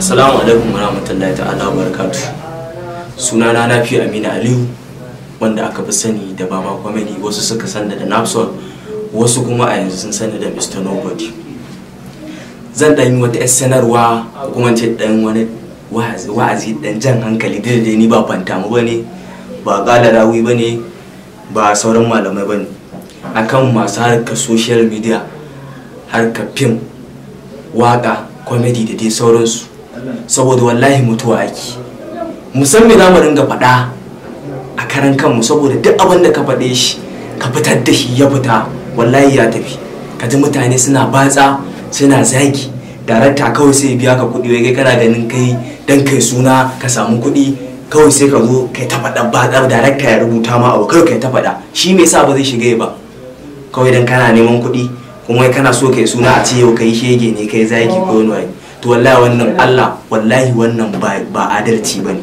Assalamu alaikum wa rahmatullahi ta'ala wa barakatuh. Suna na Nafi Amina Aliyu wanda aka fi sani da Baba Comedy wasu suka sanda da Napsol wasu kuma a yanzu sun sani da Mr. Nobody. Zan dan yi wata yar sanarwa kuma ce dan wani wa'azi wa'azi dan jan hankali da dai ni ba fantamu bane ba kala rawi bane ba sauran malamai bane akan masu harkar social media harkar film waka comedy da dai sauransu saboda wallahi mutuwa ake musamman za mu ringa faɗa a karan kanmu saboda duk abin da ka faɗe shi ka fitar da shi ya fita wallahi ya tafi ka ji mutane suna batsa suna zagi darakta kawai sai biya ka kuɗi wai kai kana ganin kai dan kai suna ka samu kuɗi kawai sai ka zo kai ta faɗa ba darakta ya rubuta ma abu kawai kai ta faɗa shi me yasa ba zai shiga ba kawai dan kana neman kuɗi kuma kana so kai suna a ce yau kai shege ne kai zaki ko wani to wallahi wannan Allah wallahi wannan ba adalci bane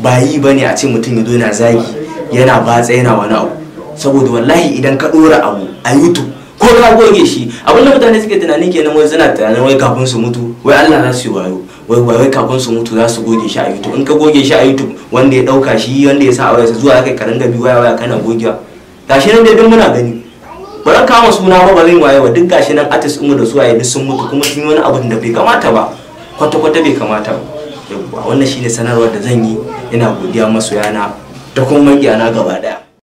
ba yi bane a ce mutum ya zo yana zagi yana batsa yana wani abu saboda wallahi idan ka dora abu a YouTube ko ka goge shi abinda mutane suke tunanin kenan wai suna tunanin wai kafin su mutu wai Allah za su wayo wai wai kafin su mutu za su goge shi a YouTube in ka goge shi a YouTube wanda ya dauka shi wanda ya sa a wayarsa zuwa kai ka ringa bi waya waya kana gogewa gashi nan dai duk muna gani ba kama suna ba bazai waye ba duk gashi nan artist mu da su waye duk sun mutu kuma sun yi wani abu da bai kamata ba kwata kwata bai kamata ba yawwa wannan shine sanarwar da zan yi ina godiya masoyana da kuma na gaba daya